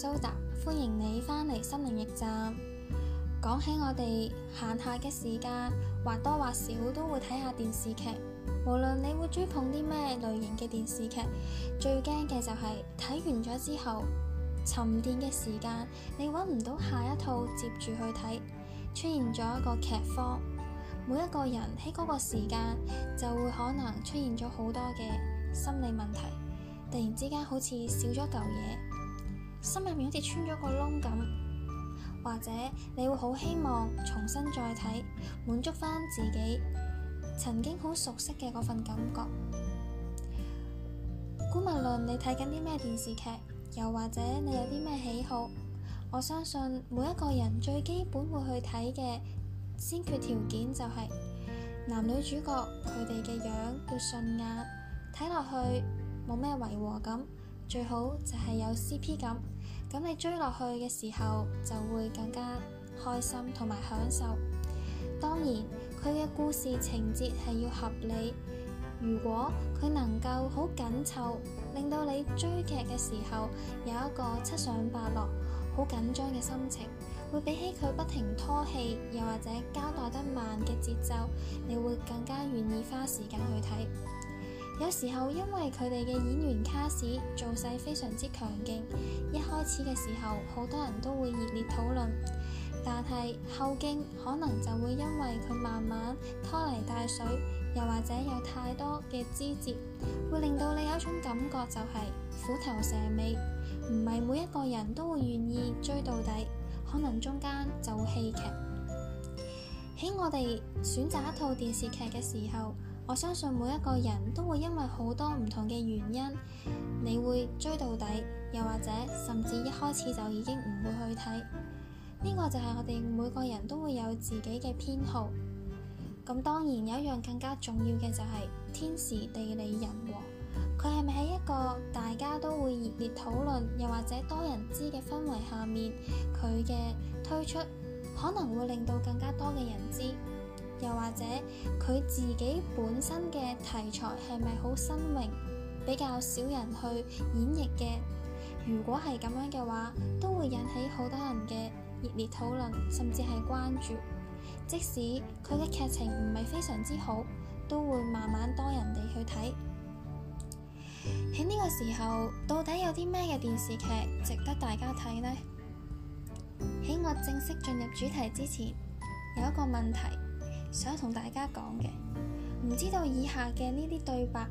蘇達，so, 歡迎你返嚟心靈驛站。講起我哋閒下嘅時間，或多或少都會睇下電視劇。無論你會追捧啲咩類型嘅電視劇，最驚嘅就係、是、睇完咗之後，沉澱嘅時間你揾唔到下一套接住去睇，出現咗一個劇荒。每一個人喺嗰個時間就會可能出現咗好多嘅心理問題，突然之間好似少咗嚿嘢。心入面好似穿咗個窿咁，或者你會好希望重新再睇，滿足翻自己曾經好熟悉嘅嗰份感覺。姑勿論，你睇緊啲咩電視劇？又或者你有啲咩喜好？我相信每一個人最基本會去睇嘅先決條件就係男女主角佢哋嘅樣叫順眼，睇落去冇咩違和感。最好就係有 CP 感，咁你追落去嘅時候就會更加開心同埋享受。當然，佢嘅故事情節係要合理。如果佢能夠好緊湊，令到你追劇嘅時候有一個七上八落好緊張嘅心情，會比起佢不停拖戲又或者交代得慢嘅節奏，你會更加願意花時間去睇。有時候因為佢哋嘅演員卡士，做勢非常之強勁，一開始嘅時候好多人都會熱烈討論，但係後勁可能就會因為佢慢慢拖泥帶水，又或者有太多嘅枝節，會令到你有一種感覺就係虎頭蛇尾，唔係每一個人都會願意追到底，可能中間就會棄劇。喺我哋選擇一套電視劇嘅時候，我相信每一個人都會因為好多唔同嘅原因，你會追到底，又或者甚至一開始就已經唔會去睇呢個、這個。就係我哋每個人都會有自己嘅偏好。咁當然有一樣更加重要嘅就係、是、天時、地利人和。佢係咪喺一個大家都會熱烈討論，又或者多人知嘅氛圍下面，佢嘅推出可能會令到更加多嘅人知。又或者佢自己本身嘅題材係咪好新穎，比較少人去演繹嘅？如果係咁樣嘅話，都會引起好多人嘅熱烈討論，甚至係關注。即使佢嘅劇情唔係非常之好，都會慢慢多人哋去睇。喺呢個時候，到底有啲咩嘅電視劇值得大家睇呢？喺我正式進入主題之前，有一個問題。想同大家講嘅，唔知道以下嘅呢啲對白，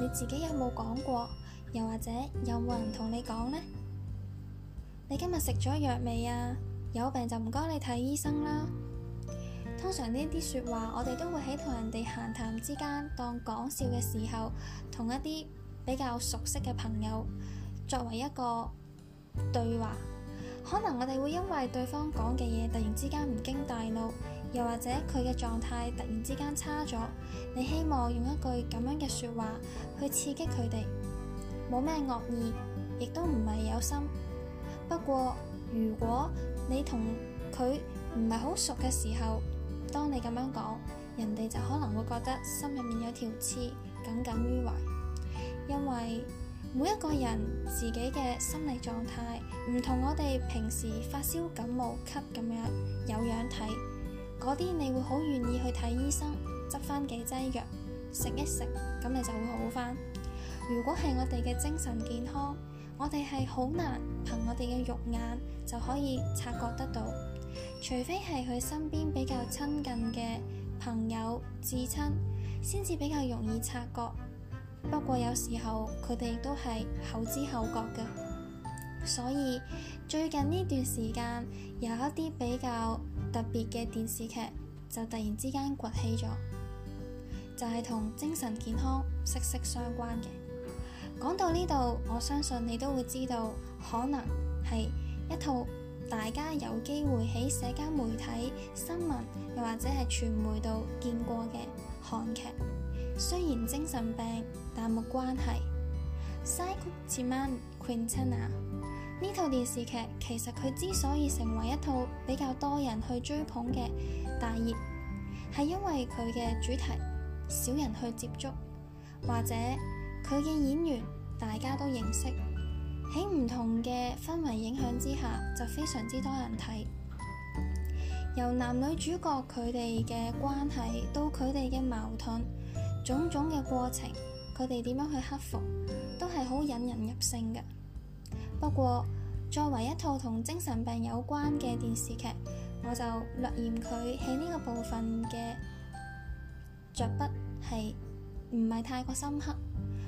你自己有冇講過？又或者有冇人同你講呢？你今日食咗藥未啊？有病就唔該你睇醫生啦。通常呢啲說話，我哋都會喺同人哋閒談之間當講笑嘅時候，同一啲比較熟悉嘅朋友作為一個對話。可能我哋會因為對方講嘅嘢突然之間唔經大腦。又或者佢嘅狀態突然之間差咗，你希望用一句咁樣嘅説話去刺激佢哋，冇咩惡意，亦都唔係有心。不過，如果你同佢唔係好熟嘅時候，當你咁樣講，人哋就可能會覺得心入面有條刺，耿耿於懷。因為每一個人自己嘅心理狀態唔同，我哋平時發燒、感冒、咳咁樣有樣睇。嗰啲你會好願意去睇醫生，執翻幾劑藥食一食，咁你就會好翻。如果係我哋嘅精神健康，我哋係好難憑我哋嘅肉眼就可以察覺得到，除非係佢身邊比較親近嘅朋友、至親，先至比較容易察覺。不過有時候佢哋都係後知後覺嘅。所以最近呢段時間有一啲比較特別嘅電視劇就突然之間崛起咗，就係同精神健康息息相關嘅。講到呢度，我相信你都會知道，可能係一套大家有機會喺社交媒體新聞又或者係傳媒度見過嘅韓劇，雖然精神病，但冇關係。曬曲子晚攰呢套電視劇其實佢之所以成為一套比較多人去追捧嘅大熱，係因為佢嘅主題少人去接觸，或者佢嘅演員大家都認識，喺唔同嘅氛圍影響之下，就非常之多人睇。由男女主角佢哋嘅關係到佢哋嘅矛盾，種種嘅過程，佢哋點樣去克服，都係好引人入勝嘅。不過，作為一套同精神病有關嘅電視劇，我就略嫌佢喺呢個部分嘅着筆係唔係太過深刻。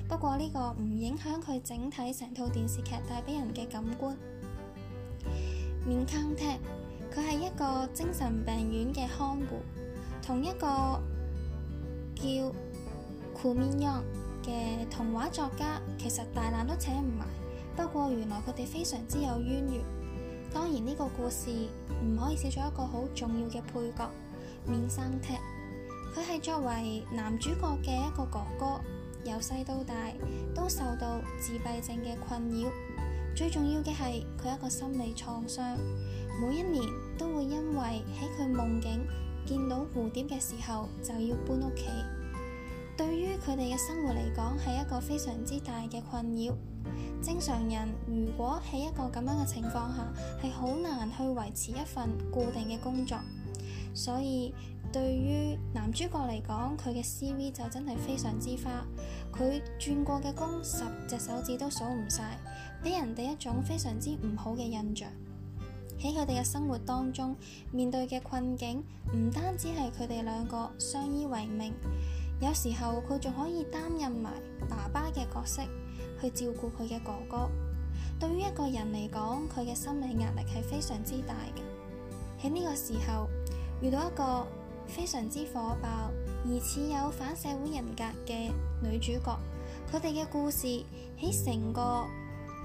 不過呢個唔影響佢整體成套電視劇帶俾人嘅感官。面坑踢佢係一個精神病院嘅看護，同一個叫 Cool 面肉嘅童話作家，其實大纜都扯唔埋。不過原來佢哋非常之有淵源。當然呢個故事唔可以少咗一個好重要嘅配角，面生踢。佢係作為男主角嘅一個哥哥，由細到大都受到自閉症嘅困擾。最重要嘅係佢一個心理創傷，每一年都會因為喺佢夢境見到蝴蝶嘅時候，就要搬屋企。對於佢哋嘅生活嚟講，係一個非常之大嘅困擾。正常人如果喺一個咁樣嘅情況下，係好難去維持一份固定嘅工作。所以對於男主角嚟講，佢嘅 CV 就真係非常之花。佢轉過嘅工十隻手指都數唔晒，俾人哋一種非常之唔好嘅印象。喺佢哋嘅生活當中，面對嘅困境唔單止係佢哋兩個相依為命。有時候，佢仲可以擔任埋爸爸嘅角色，去照顧佢嘅哥哥。對於一個人嚟講，佢嘅心理壓力係非常之大嘅。喺呢個時候，遇到一個非常之火爆而似有反社會人格嘅女主角，佢哋嘅故事喺成個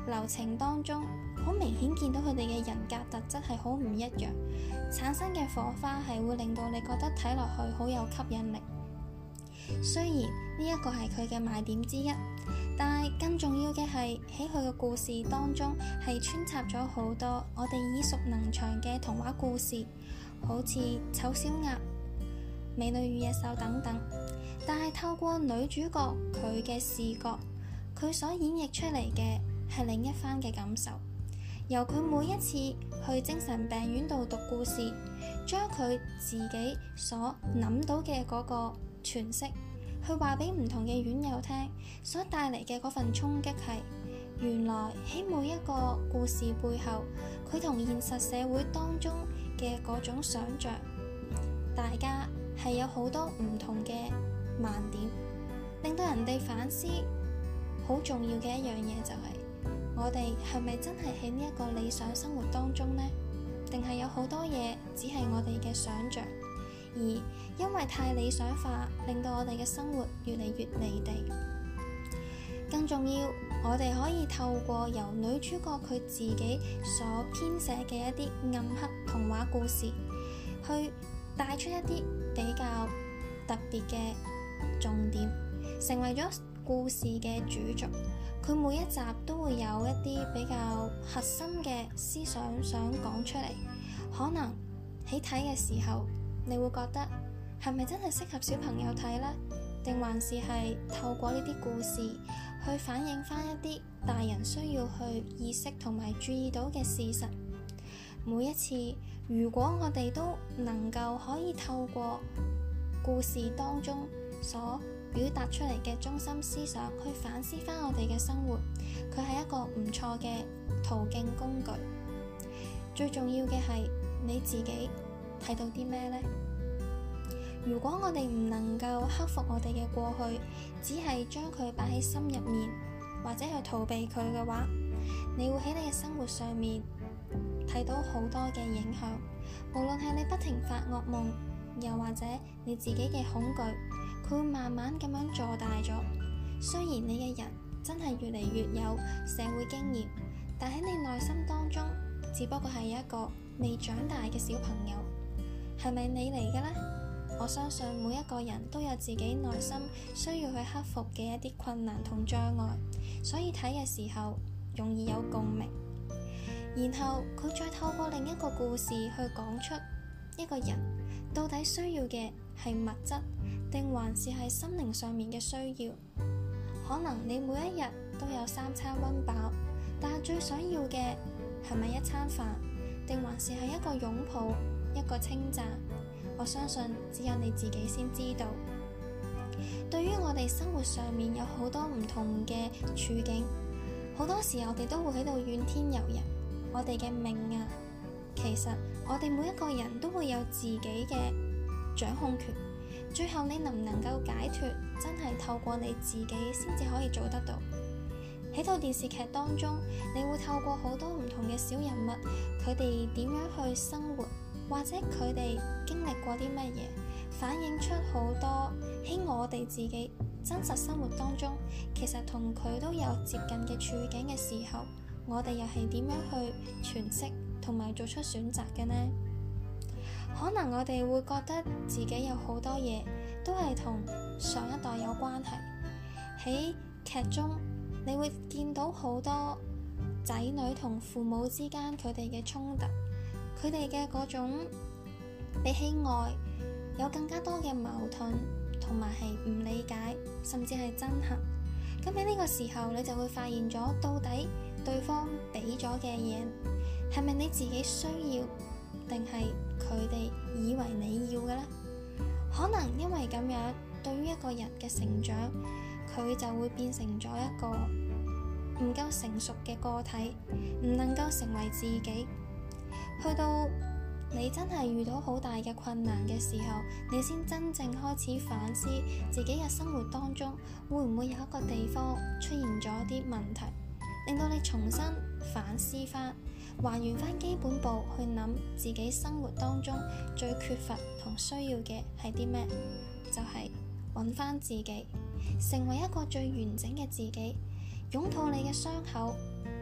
流程當中好明顯見到佢哋嘅人格特質係好唔一樣，產生嘅火花係會令到你覺得睇落去好有吸引力。雖然呢一個係佢嘅賣點之一，但係更重要嘅係喺佢嘅故事當中係穿插咗好多我哋耳熟能詳嘅童話故事，好似醜小鴨、美女與野獸等等。但係透過女主角佢嘅視覺，佢所演繹出嚟嘅係另一番嘅感受。由佢每一次去精神病院度讀故事，將佢自己所諗到嘅嗰、那個。詮釋佢話俾唔同嘅院友聽，所帶嚟嘅嗰份衝擊係原來喺每一個故事背後，佢同現實社會當中嘅嗰種想象，大家係有好多唔同嘅盲點，令到人哋反思。好重要嘅一樣嘢就係、是、我哋係咪真係喺呢一個理想生活當中呢？定係有好多嘢只係我哋嘅想象？而因為太理想化，令到我哋嘅生活越嚟越離地。更重要，我哋可以透過由女主角佢自己所編寫嘅一啲暗黑童話故事，去帶出一啲比較特別嘅重點，成為咗故事嘅主軸。佢每一集都會有一啲比較核心嘅思想想講出嚟，可能喺睇嘅時候。你會覺得係咪真係適合小朋友睇呢？定還是係透過呢啲故事去反映翻一啲大人需要去意識同埋注意到嘅事實？每一次，如果我哋都能夠可以透過故事當中所表達出嚟嘅中心思想去反思翻我哋嘅生活，佢係一個唔錯嘅途徑工具。最重要嘅係你自己。睇到啲咩呢？如果我哋唔能夠克服我哋嘅過去，只係將佢擺喺心入面，或者去逃避佢嘅話，你會喺你嘅生活上面睇到好多嘅影響。無論係你不停發惡夢，又或者你自己嘅恐懼，佢會慢慢咁樣坐大咗。雖然你嘅人真係越嚟越有社會經驗，但喺你內心當中，只不過係一個未長大嘅小朋友。係咪你嚟嘅呢？我相信每一個人都有自己內心需要去克服嘅一啲困難同障礙，所以睇嘅時候容易有共鳴。然後佢再透過另一個故事去講出一個人到底需要嘅係物質，定還是係心靈上面嘅需要？可能你每一日都有三餐溫飽，但係最想要嘅係咪一餐飯，定還是係一個擁抱？一個稱讚，我相信只有你自己先知道。對於我哋生活上面有好多唔同嘅處境，好多時候我哋都會喺度怨天尤人，我哋嘅命啊。其實我哋每一個人都會有自己嘅掌控權。最後你能唔能夠解脫，真係透過你自己先至可以做得到。喺套電視劇當中，你會透過好多唔同嘅小人物，佢哋點樣去生活。或者佢哋經歷過啲乜嘢，反映出好多喺我哋自己真實生活當中，其實同佢都有接近嘅處境嘅時候，我哋又係點樣去詮釋同埋做出選擇嘅呢？可能我哋會覺得自己有好多嘢都係同上一代有關係。喺劇中，你會見到好多仔女同父母之間佢哋嘅衝突。佢哋嘅嗰種比起愛，有更加多嘅矛盾，同埋係唔理解，甚至係憎恨。咁喺呢個時候，你就會發現咗到底對方俾咗嘅嘢，係咪你自己需要，定係佢哋以為你要嘅呢？可能因為咁樣，對於一個人嘅成長，佢就會變成咗一個唔夠成熟嘅個體，唔能夠成為自己。去到你真係遇到好大嘅困難嘅時候，你先真正開始反思自己嘅生活當中，會唔會有一個地方出現咗啲問題，令到你重新反思翻，還原翻基本步去諗自己生活當中最缺乏同需要嘅係啲咩？就係揾翻自己，成為一個最完整嘅自己，擁抱你嘅傷口。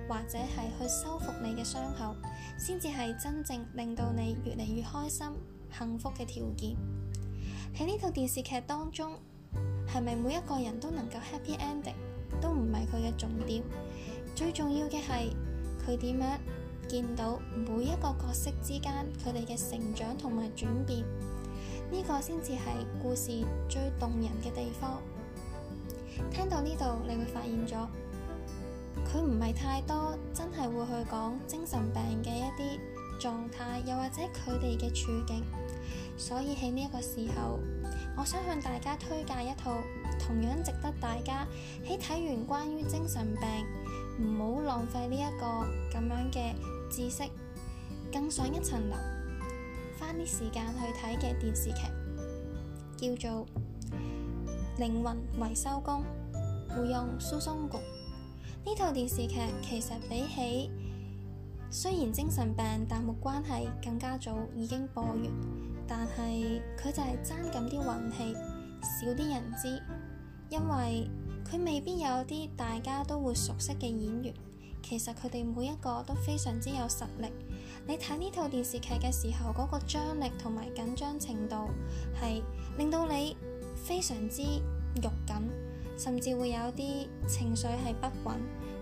或者係去修復你嘅傷口，先至係真正令到你越嚟越開心、幸福嘅條件。喺呢套電視劇當中，係咪每一個人都能夠 happy ending 都唔係佢嘅重點。最重要嘅係佢點樣見到每一個角色之間佢哋嘅成長同埋轉變，呢個先至係故事最動人嘅地方。聽到呢度，你會發現咗。佢唔係太多，真係會去講精神病嘅一啲狀態，又或者佢哋嘅處境。所以喺呢一個時候，我想向大家推介一套同樣值得大家喺睇完關於精神病，唔好浪費呢、這、一個咁樣嘅知識，更上一層樓，返啲時間去睇嘅電視劇，叫做《靈魂維修工》，會用《疏鬆局》。呢套電視劇其實比起雖然精神病，但沒關係，更加早已經播完。但係佢就係爭緊啲運氣，少啲人知，因為佢未必有啲大家都會熟悉嘅演員。其實佢哋每一個都非常之有實力。你睇呢套電視劇嘅時候，嗰個張力同埋緊張程度係令到你非常之肉緊。甚至會有啲情緒係不穩，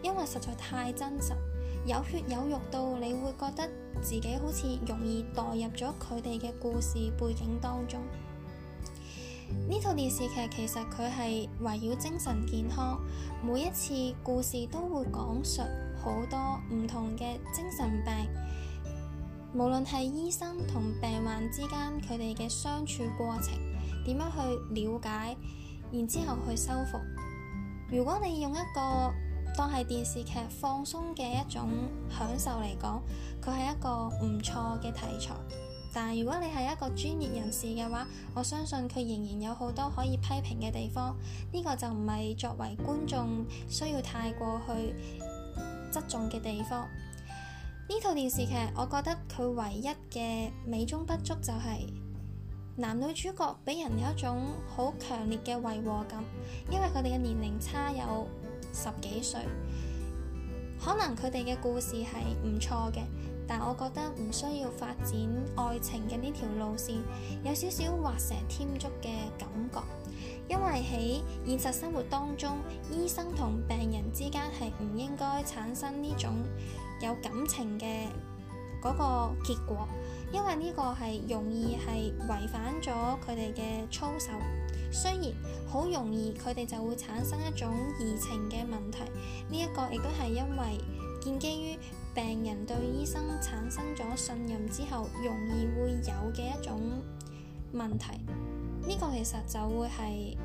因為實在太真實，有血有肉到你會覺得自己好似容易代入咗佢哋嘅故事背景當中。呢套電視劇其實佢係圍繞精神健康，每一次故事都會講述好多唔同嘅精神病，無論係醫生同病患之間佢哋嘅相處過程，點樣去了解。然之後去修復。如果你用一個當係電視劇放鬆嘅一種享受嚟講，佢係一個唔錯嘅題材。但係如果你係一個專業人士嘅話，我相信佢仍然有好多可以批評嘅地方。呢個就唔係作為觀眾需要太過去側重嘅地方。呢套電視劇，我覺得佢唯一嘅美中不足就係。男女主角俾人有一種好強烈嘅違和感，因為佢哋嘅年齡差有十幾歲，可能佢哋嘅故事係唔錯嘅，但我覺得唔需要發展愛情嘅呢條路線，有少少畫蛇添足嘅感覺，因為喺現實生活當中，醫生同病人之間係唔應該產生呢種有感情嘅。嗰個結果，因為呢個係容易係違反咗佢哋嘅操守，雖然好容易佢哋就會產生一種移情嘅問題。呢一個亦都係因為建基於病人對醫生產生咗信任之後，容易會有嘅一種問題。呢個其實就會係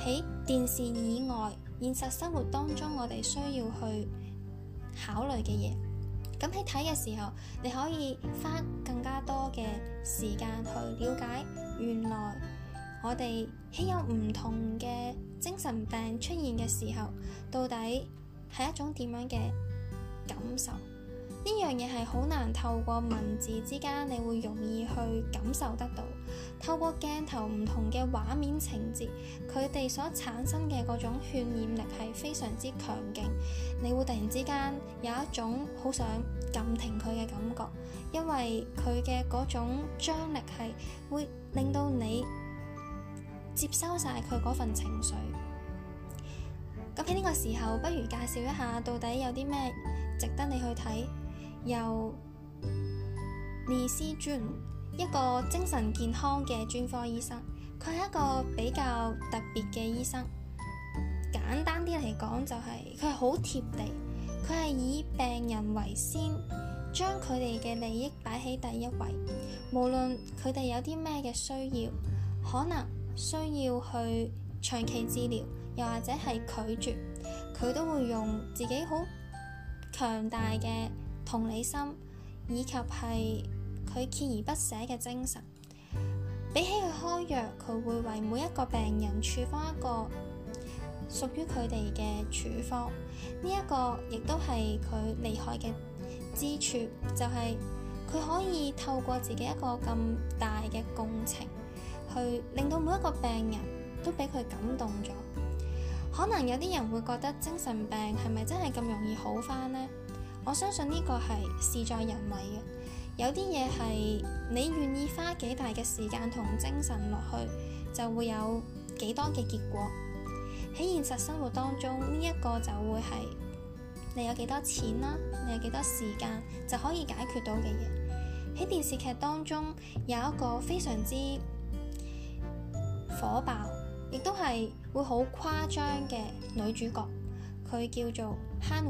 喺電視以外，現實生活當中，我哋需要去考慮嘅嘢。咁喺睇嘅時候，你可以花更加多嘅時間去了解，原來我哋喺有唔同嘅精神病出現嘅時候，到底係一種點樣嘅感受？呢樣嘢係好難透過文字之間，你會容易去感受得到。透過鏡頭唔同嘅畫面情節，佢哋所產生嘅嗰種渲染力係非常之強勁。你會突然之間有一種好想撳停佢嘅感覺，因為佢嘅嗰種張力係會令到你接收晒佢嗰份情緒。咁喺呢個時候，不如介紹一下到底有啲咩值得你去睇。由尼斯尊一個精神健康嘅專科醫生，佢係一個比較特別嘅醫生。簡單啲嚟講，就係佢係好貼地，佢係以病人為先，將佢哋嘅利益擺喺第一位。無論佢哋有啲咩嘅需要，可能需要去長期治療，又或者係拒絕，佢都會用自己好強大嘅。同理心以及係佢鍥而不舍嘅精神，比起佢開藥，佢會為每一個病人處方一個屬於佢哋嘅處方。呢、這、一個亦都係佢厲害嘅之處，就係、是、佢可以透過自己一個咁大嘅共情，去令到每一個病人都俾佢感動咗。可能有啲人會覺得精神病係咪真係咁容易好返呢？我相信呢個係事在人為嘅，有啲嘢係你願意花幾大嘅時間同精神落去，就會有幾多嘅結果。喺現實生活當中，呢一個就會係你有幾多錢啦，你有幾多時間就可以解決到嘅嘢。喺電視劇當中有一個非常之火爆，亦都係會好誇張嘅女主角，佢叫做 Han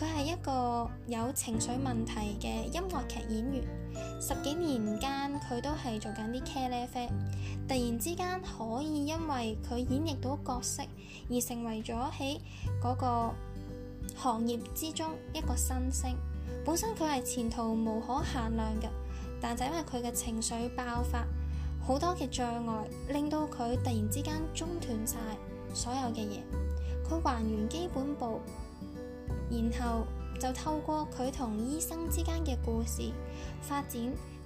佢係一個有情緒問題嘅音樂劇演員，十幾年間佢都係做緊啲茄喱啡，突然之間可以因為佢演繹到角色而成為咗喺嗰個行業之中一個新星。本身佢係前途無可限量嘅，但就因為佢嘅情緒爆發，好多嘅障礙令到佢突然之間中斷晒所有嘅嘢。佢還原基本步。然後就透過佢同醫生之間嘅故事發展，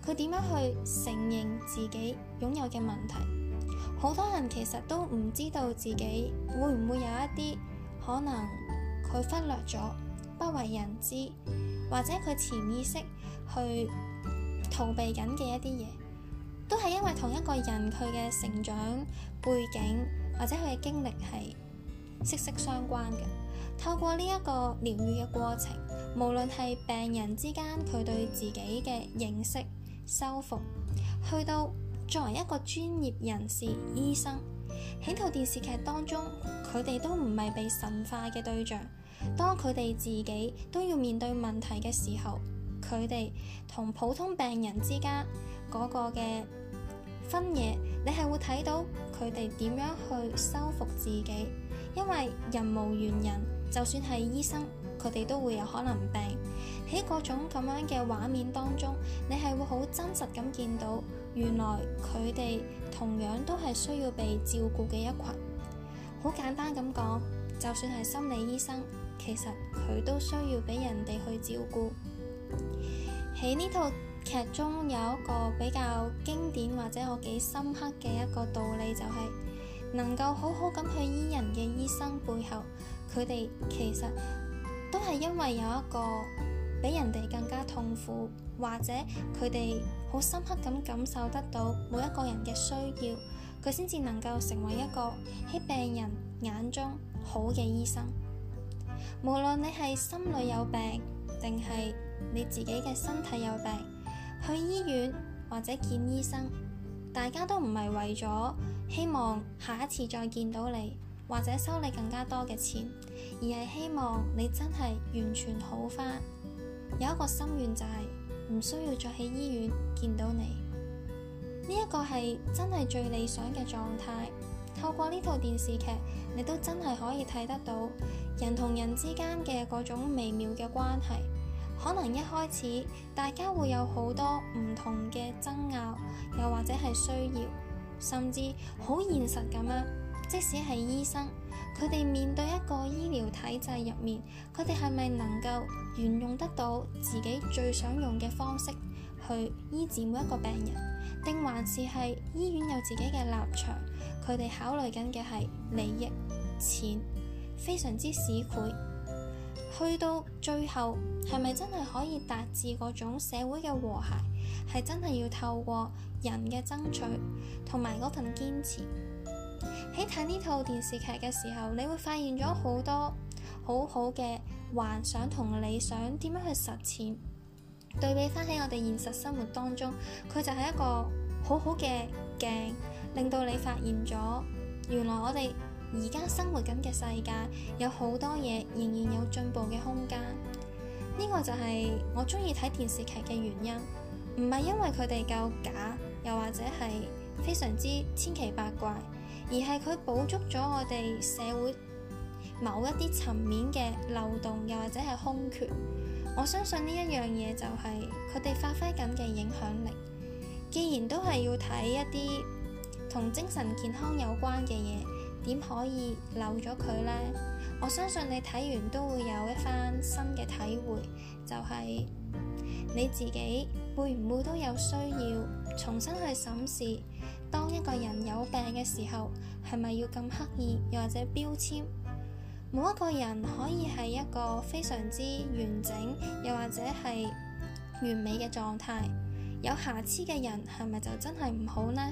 佢點樣去承認自己擁有嘅問題。好多人其實都唔知道自己會唔會有一啲可能，佢忽略咗，不為人知，或者佢潛意識去逃避緊嘅一啲嘢，都係因為同一個人，佢嘅成長背景或者佢嘅經歷係息息相關嘅。透過呢一個療癒嘅過程，無論係病人之間佢對自己嘅認識修復，去到作為一個專業人士醫生喺套 電視劇當中，佢哋都唔係被神化嘅對象。當佢哋自己都要面對問題嘅時候，佢哋同普通病人之間嗰個嘅分野，你係會睇到佢哋點樣去修復自己，因為人無完人。就算係醫生，佢哋都會有可能病。喺各種咁樣嘅畫面當中，你係會好真實咁見到，原來佢哋同樣都係需要被照顧嘅一群。好簡單咁講，就算係心理醫生，其實佢都需要俾人哋去照顧。喺呢套劇中有一個比較經典或者我幾深刻嘅一個道理，就係，就係能夠好好咁去醫人嘅醫生背後。佢哋其實都係因為有一個比人哋更加痛苦，或者佢哋好深刻咁感受得到每一個人嘅需要，佢先至能夠成為一個喺病人眼中好嘅醫生。無論你係心裏有病，定係你自己嘅身體有病，去醫院或者見醫生，大家都唔係為咗希望下一次再見到你。或者收你更加多嘅錢，而係希望你真係完全好返，有一個心願就係唔需要再喺醫院見到你。呢一個係真係最理想嘅狀態。透過呢套電視劇，你都真係可以睇得到人同人之間嘅嗰種微妙嘅關係。可能一開始大家會有好多唔同嘅爭拗，又或者係需要，甚至好現實咁樣。即使係醫生，佢哋面對一個醫療體制入面，佢哋係咪能夠沿用得到自己最想用嘅方式去醫治每一個病人？定還是係醫院有自己嘅立場？佢哋考慮緊嘅係利益、錢，非常之市儈。去到最後係咪真係可以達至嗰種社會嘅和諧？係真係要透過人嘅爭取同埋嗰份堅持。喺睇呢套電視劇嘅時候，你會發現咗好多好好嘅幻想同理想，點樣去實踐？對比翻喺我哋現實生活當中，佢就係一個好好嘅鏡，令到你發現咗原來我哋而家生活緊嘅世界有好多嘢仍然有進步嘅空間。呢個就係我中意睇電視劇嘅原因，唔係因為佢哋夠假，又或者係非常之千奇百怪。而係佢補足咗我哋社會某一啲層面嘅漏洞，又或者係空缺。我相信呢一樣嘢就係佢哋發揮緊嘅影響力。既然都係要睇一啲同精神健康有關嘅嘢，點可以漏咗佢呢？我相信你睇完都會有一番新嘅體會，就係你自己會唔會都有需要重新去審視？當一個人有病嘅時候，係咪要咁刻意又或者標籤？冇一個人可以係一個非常之完整又或者係完美嘅狀態。有瑕疵嘅人係咪就真係唔好呢？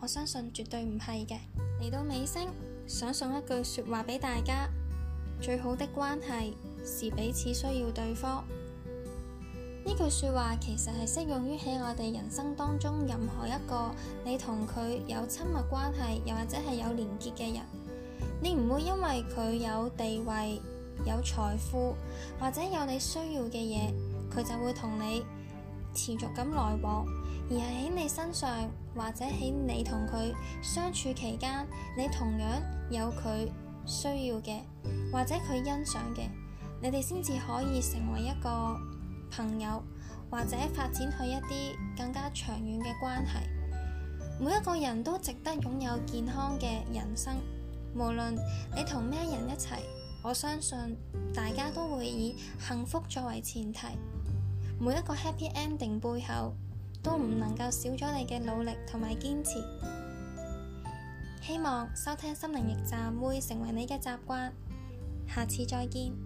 我相信絕對唔係嘅。嚟到尾聲，想送一句說話俾大家：最好的關係是彼此需要對方。呢句說話其實係適用於喺我哋人生當中任何一個你同佢有親密關係，又或者係有連結嘅人。你唔會因為佢有地位、有財富，或者有你需要嘅嘢，佢就會同你持續咁來往，而係喺你身上，或者喺你同佢相處期間，你同樣有佢需要嘅，或者佢欣賞嘅，你哋先至可以成為一個。朋友，或者發展去一啲更加長遠嘅關係。每一個人都值得擁有健康嘅人生，無論你同咩人一齊，我相信大家都會以幸福作為前提。每一個 happy ending 背後都唔能夠少咗你嘅努力同埋堅持。希望收聽心靈驛站會成為你嘅習慣，下次再見。